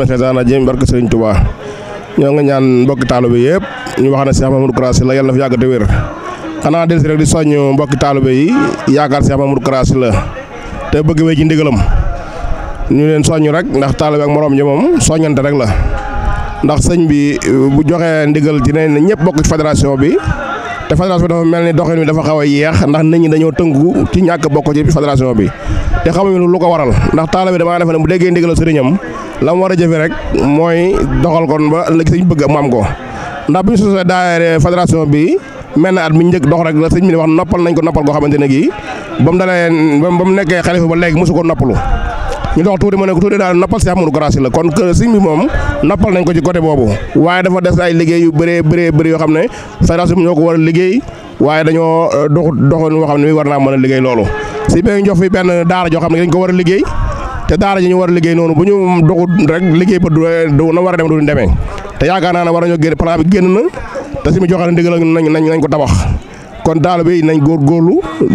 bismillaahi rahmaani rahiim barke Sëriñ Tuubaa ñoo ngi ñaan mbokki taalibe yëpp ñu wax ne Cheikh Mamadou Kara Sylla la yàlla na fi yàgg te wér xanaa rek di soññ mbokki taalibe yi yaakaar Cheikh Mamadou Kara la te bëgg wéy ci ndigalam ñu leen soññ rek ndax taalibe ak moroom ji moom rek la ndax bi bu joxee ndigal ci ne ñëpp bokk ci fédération bi te fédération bi dafa mel ni doxin bi dafa xaw a yeex ndax nit ñi dañoo tënku ci ñàkk bokk ci fédération bi te xamuñu lu ko waral ndax taalibe damaa defe ne bu déggee ndigal sëriñam la mu war a jëfee rek mooy doxal kon ba léegi sëñ bëgg mu am ko ndax bu ñu sosee daayira fédération bi mel na at mi njëkk dox rek la sëñ bi wax noppal nañ ko noppal goo xamante ne gii ba mu dalee ba mu nekkee xalifa ba léegi mosu ko noppalu ñu dox tuuti ma ne ko tuuti daal noppal Cheikh Modou Kara Sylla la kon sëñ bi moom noppal nañ ko ci côté boobu waaye dafa des ay liggéey yu bëree bëree bëri yoo xam ne fédération bi ñoo ko war a liggéey waaye dañoo dox doxoon yoo xam ne mi war naa mën a liggéey loolu si bé jox fi benn daara joo xam ne dañ ko war a liggéey te daara ji ñu war a liggéey noonu bu ñu doxut rek liggéey ba du na war dem du demé te yaakaar na ne war ñu gën plan bi gën na te simi joxal ndigal nañ nañ nañ ko tabax kon daal bi nañ gor gorlu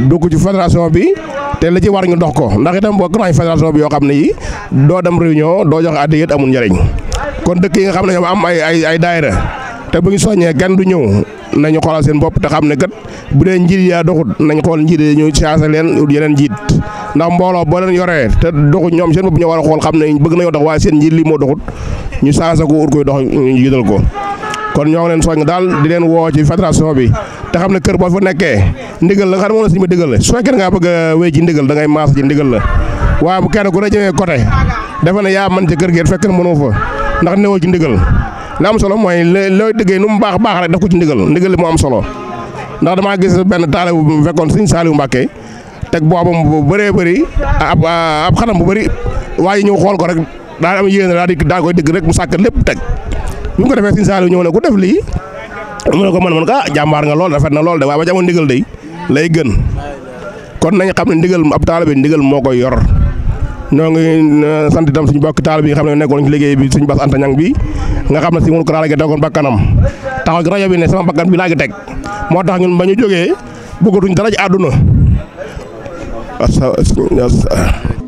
dogu ci fédération bi te la ci war ñu dox ko ndax itam bokk naa fédération bi yo xam ne yi doo dem réunion doo joxe addiya amul ñariñ kon dëkk yi nga xam am ay ay ay daaira te bu ñu soññee gan du ñëw nañu xolal seen bop te xam kat bu dé njir ya doxut nañ xol njir yi ñu changé yu yenen njiit ndax mbolo bo len yoré te doxu ñom seen bopp ñu wara xol xamna xam ne bëgg nañoo dox waaye seen njiit li moo doxut ñu changé ko ut koy dox yidal ko kon ñoo ngi leen soññ daal di leen wo ci fédération bi te xamna kër bo fa nekké ndigal la nga xam ne la suñu ma la soñ kër nga bëgg wé ji ndigal da ngay maas ji ndigal la wa bu kër ko ne jëmee côté dafa na ya man ci kër gi fekk mëno fa ndax newoo ci ndigal la am solo moy loy dëggee num baax baax rek daf ko ci ndigal ndigal mo am solo ndax dama gis ben talé bu fekkon sëñ Saliou Mbacke tek boobam bu bëree bëri ab ah, ab xanam bu bëri waaye ñëw xool ko rek daal am yéen da di da koy dégg rek mu sàkk lépp tek bu ñu ko defee Sëñ Saliou ñëw ne ku def lii mu ne ko man man ko ah jàmbaar nga lool rafet na lool de waaye ba jamono ndigal day lay gën kon nañ xam ne ndigal ab taalibe ndigal moo yor ñoo ngi sant itam suñu bokk taalibe yi nga xam ci liggéey bi suñu bas Anta nyang bi nga xam ne si mënu ko daal gi doogoon bakkanam taxaw gi rajo bi ne sama bakkan bi laa ngi tek moo tax ñun ba ñu jógee duñ dara ci aduna That's how it's. going. That's, uh,